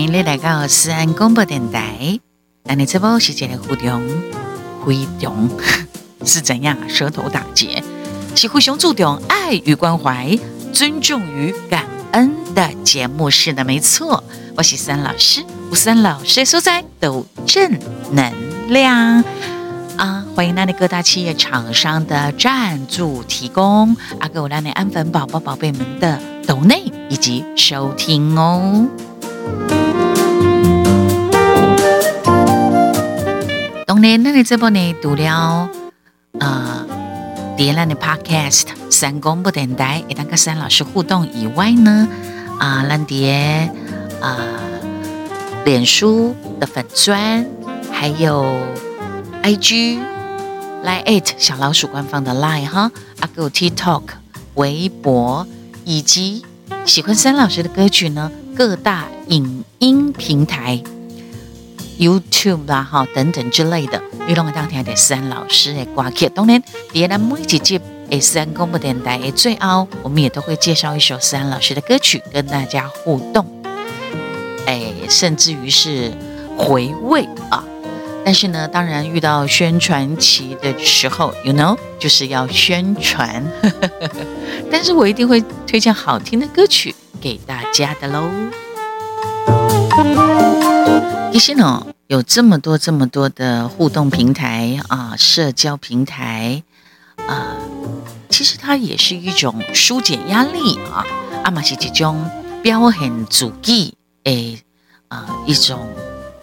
歡迎你來到思安廣播電台。那你這波世界的互動互動是怎樣？舌頭打結，是互相注重愛與關懷、尊重與感恩的節目，是的，沒錯。我是思安老師，思安老師所在的正能量啊！歡迎那你各大企業廠商的贊助提供，阿哥我讓你安粉寶寶寶貝們的抖內以及收聽哦。那，那你這波呢？除了啊，疊、呃、浪的 Podcast，三公不等待，也當跟三老師互動以外呢，啊、呃，浪疊啊，臉書的粉專，還有 IG，來 at 小老鼠官方的 line 哈，阿 g TikTok，微博，以及喜歡三老師的歌曲呢，各大影音平台。YouTube 啦，哈，等等之類的，遇到我當天的思安老師的歌曲。當然，別的每幾集誒，思安公布電台最後，我們也都會介紹一首思安老師的歌曲，跟大家互動。誒、欸，甚至於是回味啊。但是呢，當然遇到宣傳期的時候，you know，就是要宣傳。 但是我一定會推薦好聽的歌曲給大家的嘍。其實呢，有這麼多、這麼多的互動平台啊，社交平台啊，其實它也是一種紓解壓力啊。啊嘛是一種表現主義誒，啊，一種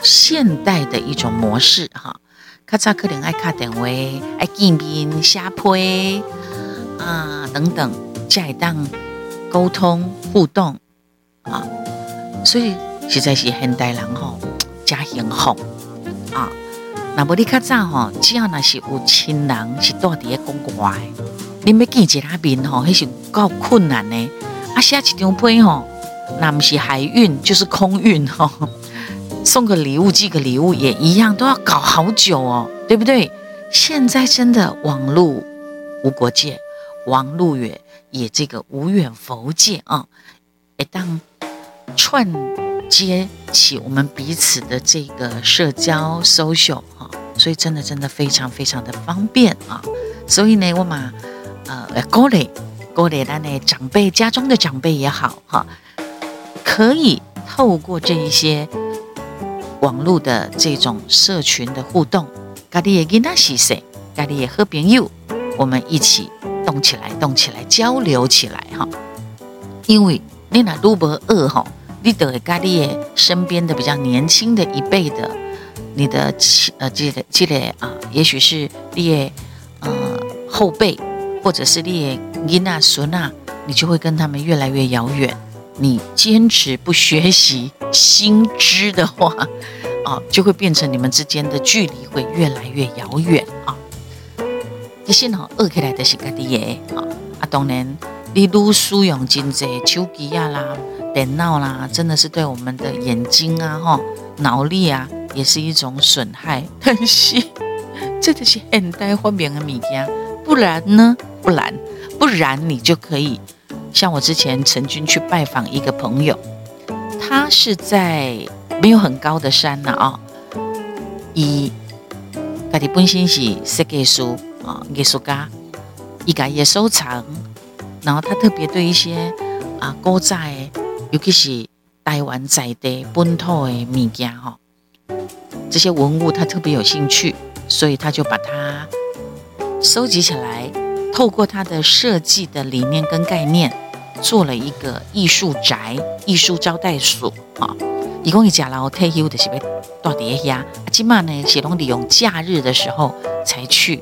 現代的一種模式哈。卡早的人愛卡電話喂愛見面下坡啊，等等，才當溝通互動啊，所以實在是現代人吼。家幸福啊！那麼你較早吼，只要，是要那是有親人是住佇咧公館，你欲見其他面吼，那是夠困難的。啊，寫一張批吼，那、啊、不是海運就是空運吼、啊，送個禮物寄個禮物也一樣，都要搞好久哦，對不對？現在真的網路無國界，網路也也這個無遠弗屆啊，會當串。接起我們彼此的這個社交 social 哈，所以真的真的非常非常的方便啊！所以呢，我們呃，鼓勵鼓勵，的呢，長輩家中的長輩也好哈，可以透過這一些網絡的這種社群的互動，家裡的囡仔是誰，家裡的好朋友，我們一起動起來，動起來，交流起來哈。因為你那都不餓你得身邊的比較年輕的一輩的，你的呃積累積累啊，也許是列呃後輩，或者是列囡孫啊，你就會跟他們越來越遙遠。你堅持不學習新知的話，啊、呃，就會變成你們之間的距離會越來越遙遠啊。些好二起來是的是家底耶啊，啊，當然如使用真濟手機啊啦。眼鬧啦，真的是對我們的眼睛啊、哈腦力啊，也是一種損害。但是，這就是現代文明的物件，不然呢？不然，不然你就可以像我之前曾經去拜訪一個朋友，他是在沒有很高的山了啊，他、哦哦、自己本身是設計師啊，藝術家一改也收藏，然後他特別對一些啊勾仔。尤其是台灣在地本土的物件，這些文物他特別有興趣，所以他就把它收集起來，透過他的設計的理念跟概念，做了一個藝術宅、藝術招待所啊。一講一家老退休的是要大疊下，即賣呢是攏利用假日的時候才去。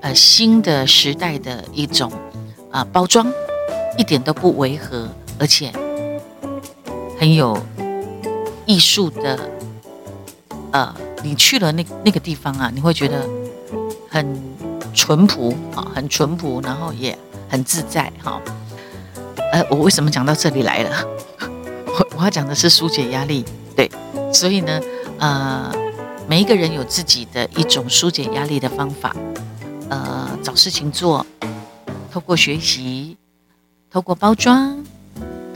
呃，新的時代的一種啊、呃、包裝，一點都不違和，而且很有藝術的。呃，你去了那那個地方啊，你會覺得很淳樸，啊、哦，很淳樸，然後也很自在，哈、哦。呃，我為什麼講到這裡來了？我我要講的是疏解壓力，對，所以呢，啊、呃。每一個人有自己的一種紓解壓力的方法，呃，找事情做，透過學習，透過包裝，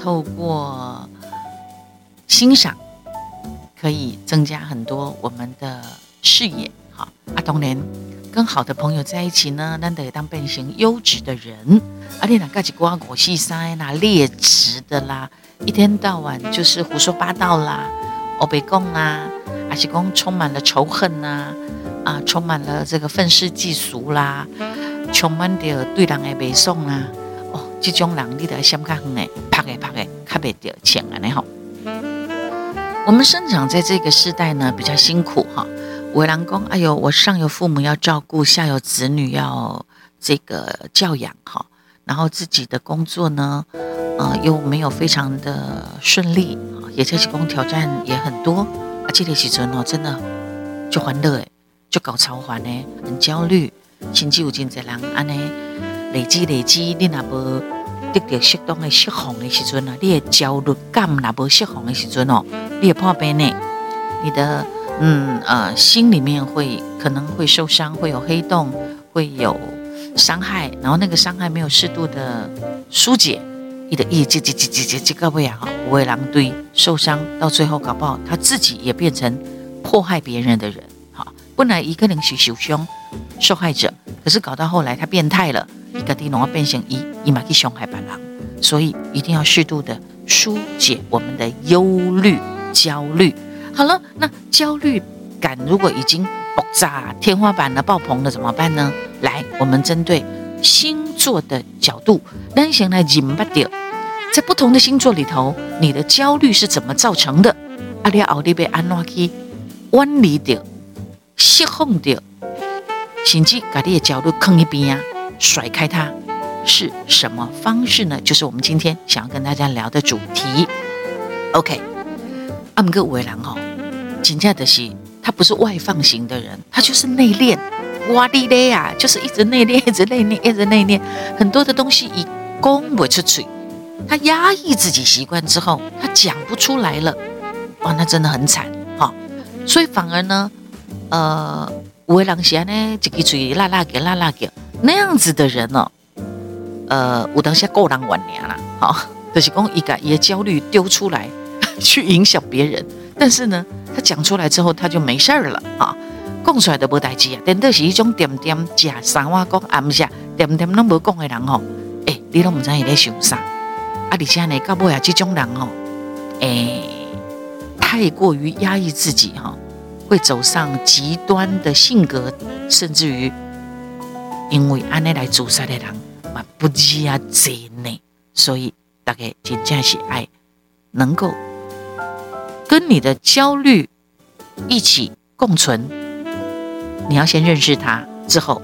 透過欣賞，可以增加很多我們的視野。好，阿童年跟好的朋友在一起呢，難得當變成優質的人。阿、啊、你哪個是瓜果西塞那劣質的啦？一天到晚就是胡說八道啦，歐北貢啦。還是講充滿了仇恨吶、啊，啊，充滿了這個憤世嫉俗啦，充滿了對人的背送啊。哦，這種能的想較遠嘞，啪個啪個，啪袂着錢啊，你好。 我們生長在這個時代呢，比較辛苦哈。為人公，哎呦，我上有父母要照顧，下有子女要這個教養哈，然後自己的工作呢，啊，又沒有非常的順利，也就是講挑戰也很多。這個時陣哦，真的就很累，就搞超煩呢，很焦慮。甚至有真濟人安尼累積累積，你那不得到適當的釋放的時陣啊，你的焦慮感那不釋放的時陣哦，你會破病呢。你的嗯呃，心裡面會可能會受傷，會有黑洞，會有傷害，然後那個傷害沒有適度的疏解。你的意，這這這這這各位啊，哈，不會狼受傷，到最後搞不好他自己也變成迫害別人的人，哈，本來一個人是凶受害者，可是搞到後來他變態了，你到底弄變成一，去傷害別人，所以一定要適度的疏解我們的憂慮焦慮。好了，那焦慮感如果已經爆炸天花板了、爆棚了，怎麼辦呢？來，我們針對星座的角度，單行來在不同的星座裡頭，你的焦慮是怎麼造成的？阿列奧利被安拉基溫裡掉失控掉，先記個你的焦慮，坑一邊呀，甩開它。是什麼方式呢？就是我們今天想要跟大家聊的主題。OK，阿姆哥五維狼吼，真的，就是他不是外放型的人，他就是內斂。哇滴嘞啊，就是一直內斂，一直內斂，一直內斂，很多的東西以攻不出去。他壓抑自己習慣之後，他講不出來了，哇，那真的很慘，所以反而呢，呃，有的人是安呢，一個嘴辣辣叫辣辣叫那樣子的人哦，呃，有當時夠狼玩年了，就是講一個個焦慮丟出來去影響別人，但是呢，他講出來之後他就沒事兒了啊，講出來都無代誌啊。但的是一種點點吃三碗公暗下點點攏無講的人哦，哎，你攏不知影伊在想啥。阿里現在咧，搞不好也最人然、哦、後、欸，太過於壓抑自己哈、哦，會走上極端的性格，甚至於因為安尼來自殺的人不止啊幾內。所以大家真正是愛，能夠跟你的焦慮一起共存。你要先認識他，之後，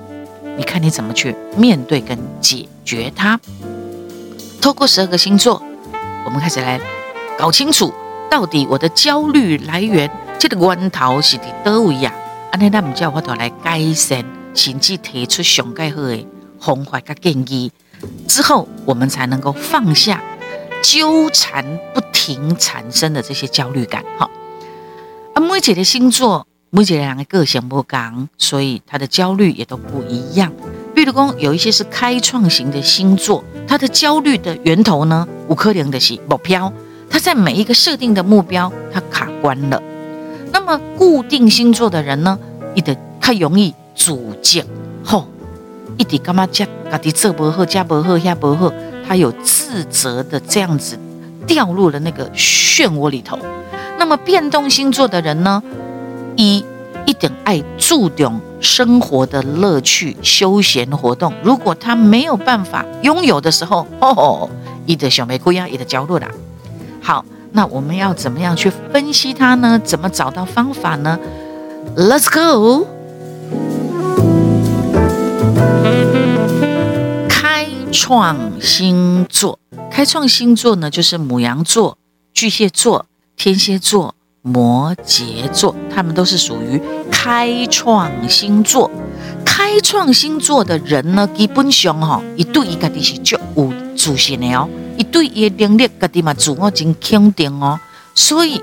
你看你怎麼去面對跟解決他。透過十二個星座，我們開始來搞清楚到底我的焦慮來源。這個源頭是的都一樣，啊，那他們叫我都來改善，甚至提出想改好的方法和建議，之後我們才能夠放下糾纏不停產生的這些焦慮感。哈，啊，魔羯的星座，魔羯兩個個性不剛，所以她的焦慮也都不一樣。比如說有一些是開創型的星座，他的焦慮的源頭呢？有可能就是目標，他在每一個設定的目標，他卡關了。那麼固定星座的人呢，一點太容易自責。吼、哦，一點幹嘛加加的這伯喝加伯喝加伯喝，他有自責的這樣子掉入了那個漩渦裡頭。那麼變動星座的人呢，一一點愛注重，生活的樂趣、休閒活動，如果他沒有辦法擁有的時候，吼、哦，你的小玫瑰呀，你的角落啦。好，那我們要怎麼樣去分析它呢？怎麼找到方法呢？Let's go。開創星座，開創星座呢，就是牡羊座、巨蟹座、天秤座。摩羯座，他們都是屬於開創星座，開創星座的人呢，基本上哈、哦，伊對伊家己是足有自信的哦，伊對伊的能力家己嘛，自我真肯定哦，所以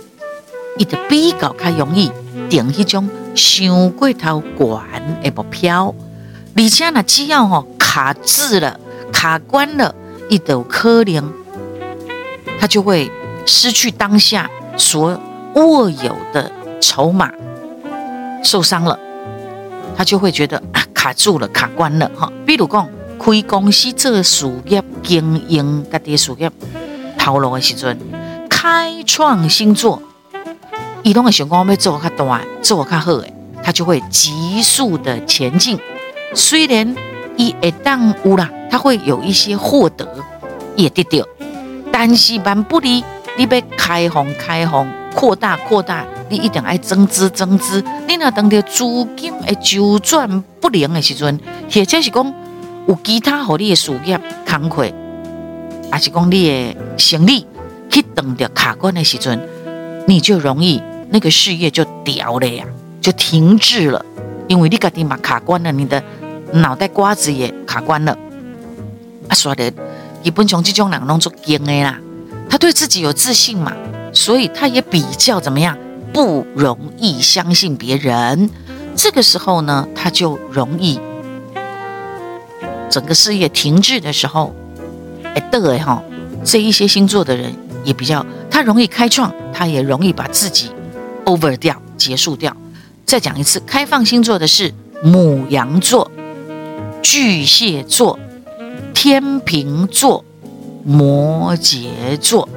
伊就比較較容易定迄種想過頭管的目標，而且那只要哈、哦、卡住了、卡關了，伊都可能，他就會失去當下所握有的籌碼受傷了，他就會覺得、啊、卡住了、卡關了哈。比如講，開公司做事業經營，個啲事業投入嘅時陣，開創星座，他都會想講我要做得較大、做得較好，他就會急速的前進。雖然一旦有啦，他會有一些獲得，也得到，但是萬不離，你要開放、開放。擴大擴大，你一定愛增資增資。你若等到資金周轉不靈的時候，或者是說有其他好的事業坎坷，還是講你的生意去等着卡關的時候，你就容易那個事業就掉了呀，就停滯了。因為你家己也卡關了，你的腦袋瓜子也卡關了。啊，說的基本上這種人弄做硬的。他對自己有自信嘛。所以他也比較怎麼樣，不容易相信別人。這個時候呢，他就容易整個事業停滯的時候，哎，對哈。這一些星座的人也比較，他容易開創，他也容易把自己 over 掉結束掉。再講一次，開放星座的是牡羊座、巨蟹座、天秤座、摩羯座。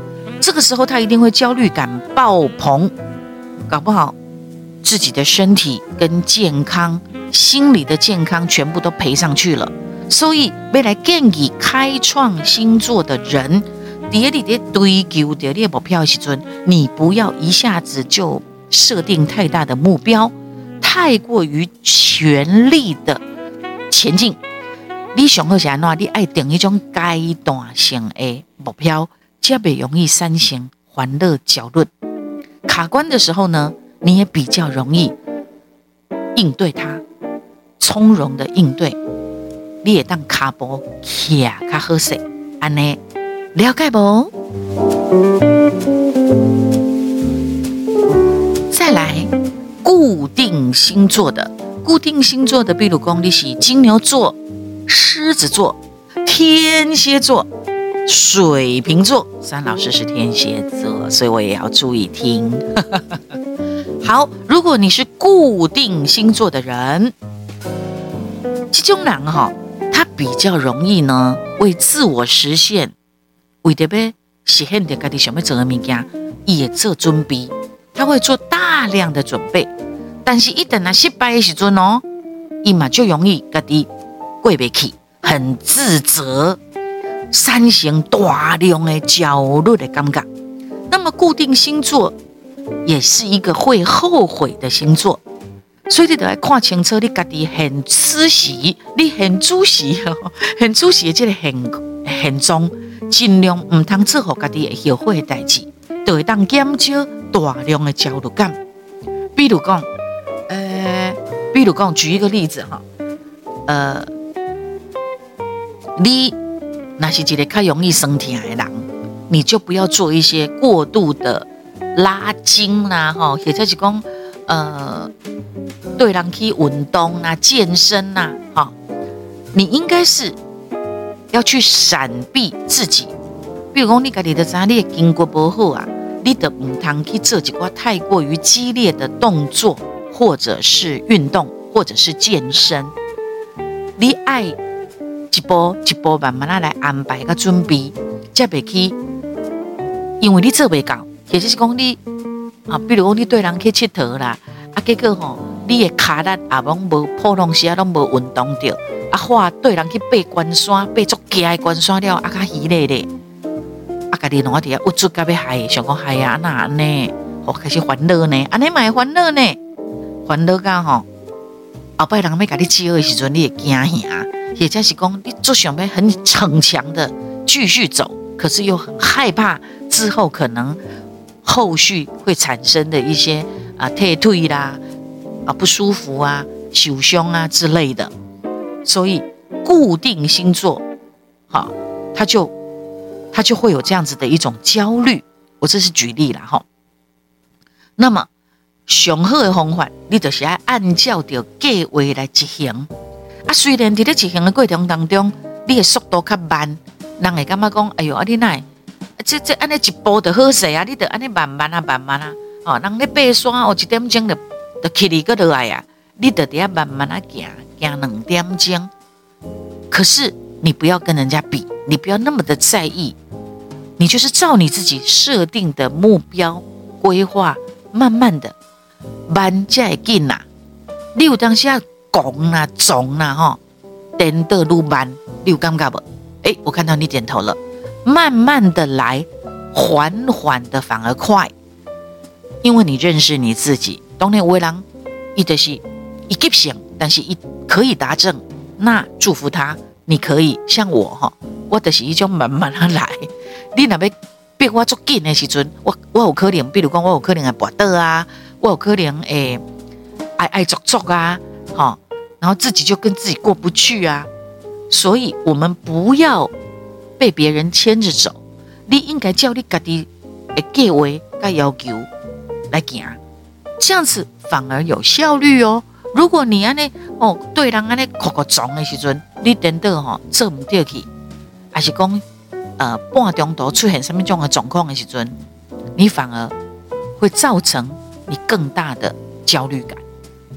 這個時候，他一定會焦慮感爆棚，搞不好自己的身體跟健康，心理的健康全部都賠上去了。所以，未來建議開創星座的人，的，你的，的時候，你不要一下子就設定太大的目標，太過於全力的前進。你想好啥？你愛定一種階段性的目標。相對容易煽省還樂較論，卡關的時候呢，你也比較容易應對它，從容的應對，你也當卡薄卡卡好些，安呢了解不？ 再來固定星座的，固定星座的比如說，你是金牛座、獅子座、天蠍座。水瓶座，思安老師是天蠍座，所以我也要注意聽。 好，如果你是固定星座的人，其中兩個哈，他比較容易呢，為自我實現，為的唄，是很多家己想要做的物件，也做準備，他會做大量的準備，但是一等啊失敗的時陣哦，伊嘛就容易家己過不去，很自責。產生大量的焦慮的感覺，那麼固定星座也是一個會後悔的星座，所以你得看清楚，你家己現此時，你現此時，現此時的這個現現狀，盡量唔通做乎家己會後悔的代志，就會當減少大量的焦慮感。比如講，呃，比如講，舉一個例子哈、哦，呃，你。那是一個較容易身體癌的人，你就不要做一些過度的拉筋啦，吼，或者就是講呃對人去運動啊、健身吶、啊、好、哦，你應該是要去閃避自己。比如講，你家己就知你筋骨不好啊，你就毋通去做一寡太過於激烈的動作，或者是運動，或者是健身，你愛一步一步慢慢仔來安排佮準備，才袂去，因為你做袂到，其實是講你、啊、比如講你對人去佚佗啦，啊結果吼、啊，你的腳力也攏無普通時啊，攏無運動到，啊或對人去爬關山，爬足幾的關山了，啊較喜嘞嘞，啊家己兩個弟啊，我做噶要害，想講害啊，哪安呢？哦、啊、開始煩惱呢，安尼嘛煩惱呢，煩惱到吼，後、啊、背人要甲你招的時陣，你會驚嚇。也就是說你做小妹很逞強的繼續走，可是又很害怕之後可能後續會產生的一些啊退退啦、啊不舒服啊、受傷啊之類的，所以固定星座，好、喔，他就他就會有這樣子的一種焦慮。我這是舉例了哈、喔。那麼，上好的方法，你就是要按照着計劃來執行。啊，雖然在進行的過程當中，你的速度較慢，人會感覺講，哎呦，阿你奈、啊，這這安尼一步就好勢啊，你得，安尼慢慢啊，慢慢啊，哦，人家爬山哦，一點鐘就就去你個到來啊，你得這樣慢慢啊行，行兩點鐘。可是你不要跟人家比，你不要那麼的在意，你就是照你自己設定的目標規劃，慢慢的慢才會緊啊。你有東西。講啊，腫啦、啊，哈、啊，顛倒越慢，你有感覺無？誒、欸，我看到你點頭了，慢慢的來，緩緩的反而快，因為你認識你自己。當然有的人一直、就是一急性，但是一可以達成。那祝福他，你可以像我哈，我就是一種慢慢的來。你若要逼我足緊的時陣，我我有可能，比如講我有可能會跌倒啊，我有可能誒、欸、愛愛作作啊。然後自己就跟自己過不去啊，所以我們不要被別人牽着走，你應該照你自己的，誒，計劃跟要求來行，這樣子反而有效率哦。如果你安尼哦，對人安尼苦苦撞的時陣，你等到哦做唔到去，還是講呃半中途出現什麼種個狀況的時陣，你反而會造成你更大的焦慮感。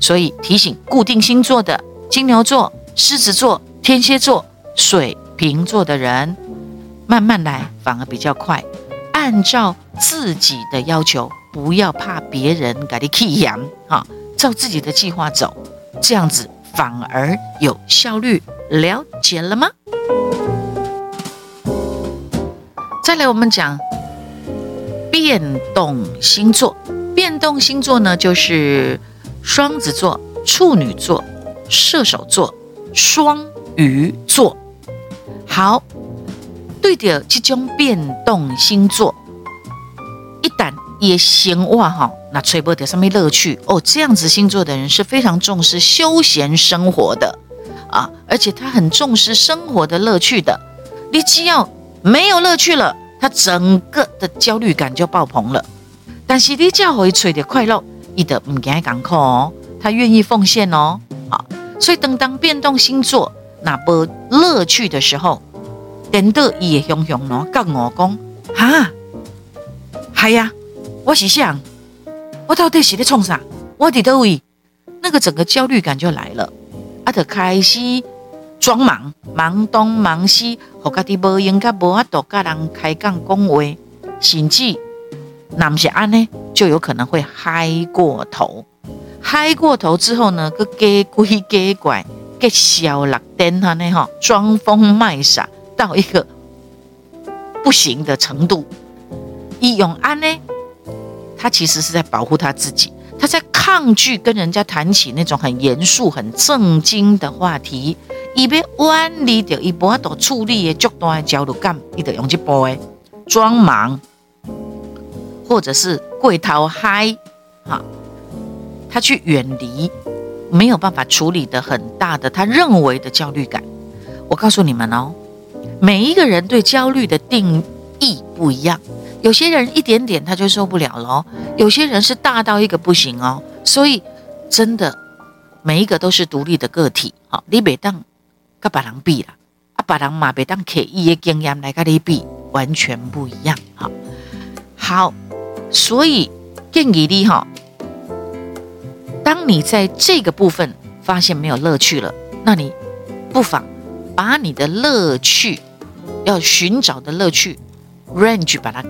所以提醒固定星座的金牛座、獅子座、天蠍座、水瓶座的人，慢慢來，反而比較快。按照自己的要求，不要怕別人給你棄養啊，照自己的計劃走，這樣子反而有效率。了解了嗎？再來，我們講變動星座。變動星座呢，就是。雙子座、處女座、射手座、雙魚座，好，對的，即將變動星座，一旦也行。話那吹波得上面樂趣哦。這樣子星座的人是非常重視休閒生活的啊，而且他很重視生活的樂趣的。你只要沒有樂趣了，他整個的焦慮感就爆棚了。但是你叫會吹的快樂。伊就唔驚艱苦哦，他願意奉獻哦，所以等當變動星座若無樂趣的時候，等到伊也熊熊咯，跟我講哈，是啊、哎，我是誰？我到底是在創啥？我佇叨位，那個整個焦慮感就來了，阿、啊、就開始裝忙，忙東忙西，予家己無閒，才無法度甲人開講講話，甚至那毋是安呢。就有可能會嗨過頭，嗨過頭之後呢，假鬼假怪搿笑辣顛他呢哈，裝瘋賣傻到一個不行的程度。易永安呢，他其實是在保護他自己，他在抗拒跟人家談起那種很嚴肅、很正經的話題，以別彎裡頭一不都處理嘅角度感，一得用一波誒，裝忙，或者是。會逃嗨，哈、哦，他去遠離，沒有辦法處理的很大的他認為的焦慮感。我告訴你們哦，每一個人對焦慮的定義不一樣。有些人一點點他就受不了了，有些人是大到一個不行哦。所以真的，每一個都是獨立的個體。好、哦，你別當跟別人比啦，啊，別人嘛，別當客伊的經驗來跟你比，完全不一樣。哈、哦，好。所以，建議你哈、哦，當你在這個部分發現沒有樂趣了，那你不妨把你的樂趣要尋找的樂趣 range 把它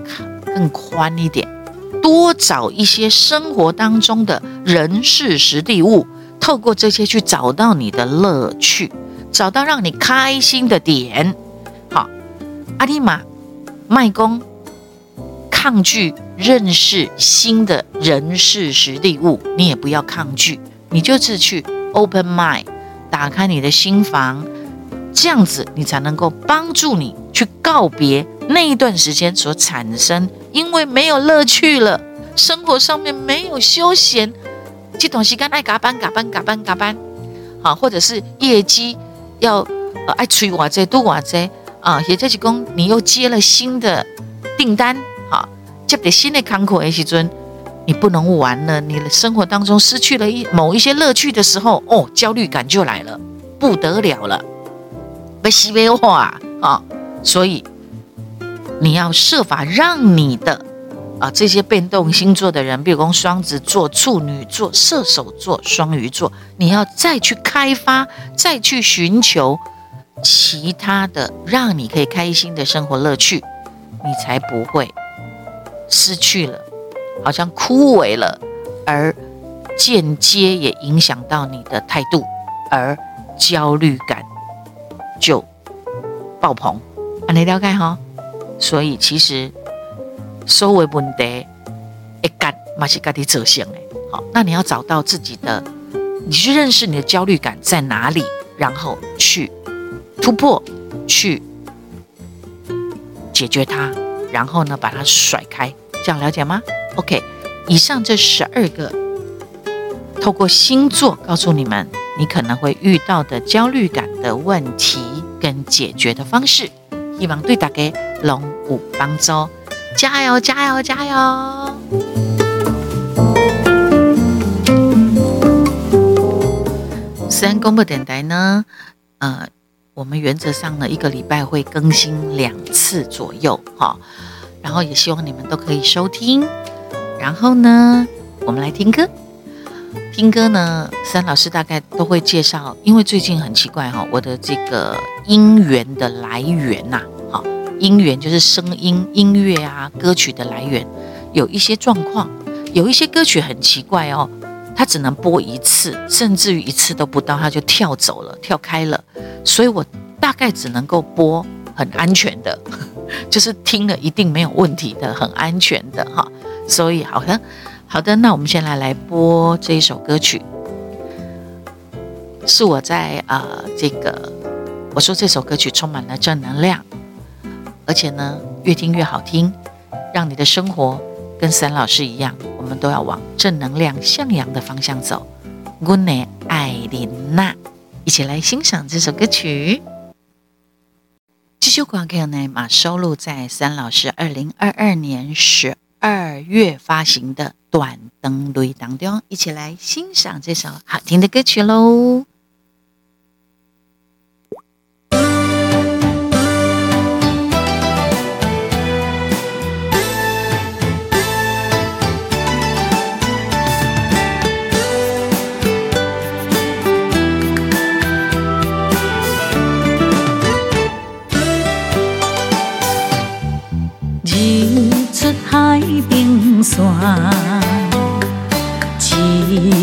更寬一點，多找一些生活當中的人、事、時、地、物，透過這些去找到你的樂趣，找到讓你開心的點。好，阿你嘛，麥公，抗拒。認識新的人事、時地物，你也不要抗拒，你就是去 open mind，打開你的心房，這樣子你才能夠幫助你去告別那一段時間所產生，因為沒有樂趣了，生活上面沒有休閒，這東西干愛嘎班嘎班嘎班嘎班，啊，或者是業績要愛出哇災多哇災啊，也就是講你又接了新的訂單。特別心內空苦，H 尊，你不能玩了。你的生活當中失去了一某一些樂趣的時候，哦，焦慮感就來了，不得了了，被西北化啊！所以你要設法讓你的啊這些變動星座的人，比如說雙子座、處女座、射手座、雙魚座，你要再去開發、再去尋求其他的讓你可以開心的生活樂趣，你才不會。失去了，好像枯萎了，而間接也影響到你的態度，而焦慮感就爆棚。啊，你了解哈？所以其實所謂問題一干，馬上開始走向哎。好，那你要找到自己的，你去認識你的焦慮感在哪裡，然後去突破，去解決它，然後呢，把它甩開。這樣了解嗎？OK，以上這十二個，透過星座告訴你們，你可能會遇到的焦慮感的問題跟解決的方式，希望對大家有所幫助。加油加油加油！思安公布電台呢，呃，我們原則上呢，一個禮拜會更新兩次左右，哈。然後也希望你們都可以收聽。然後呢，我們來聽歌。聽歌呢，思安老師大概都會介紹。因為最近很奇怪哈、哦，我的這個音源的來源吶，好，音源就是聲音、音樂啊、歌曲的來源，有一些狀況，有一些歌曲很奇怪哦，它只能播一次，甚至於一次都不到，它就跳走了、跳開了。所以我大概只能夠播很安全的。就是聽了一定沒有問題的，很安全的哈。所以，好的，好的，那我們先來來播這一首歌曲，是我在啊、呃、這個我說這首歌曲充滿了正能量，而且呢越聽越好聽，讓你的生活跟思安老師一樣，我們都要往正能量向陽的方向走。good night，艾琳娜，一起來欣賞這首歌曲。這首歌呢，馬收錄在思安老師二零二二年十二月發行的《斷腸淚》當中，一起來欣賞這首好聽的歌曲嘍。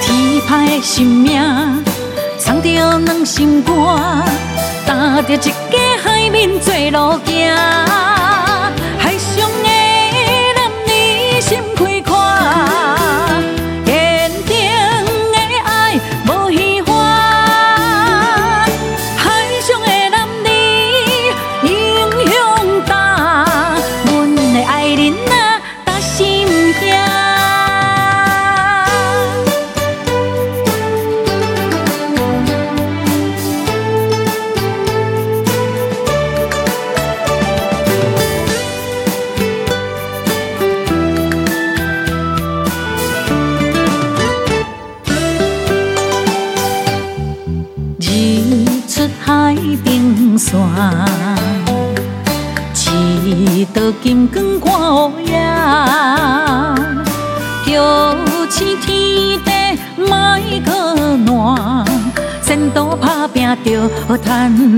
天派的心命，送着人心肝，擔着一個海面做路行。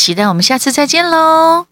期待我們下次再見嘍。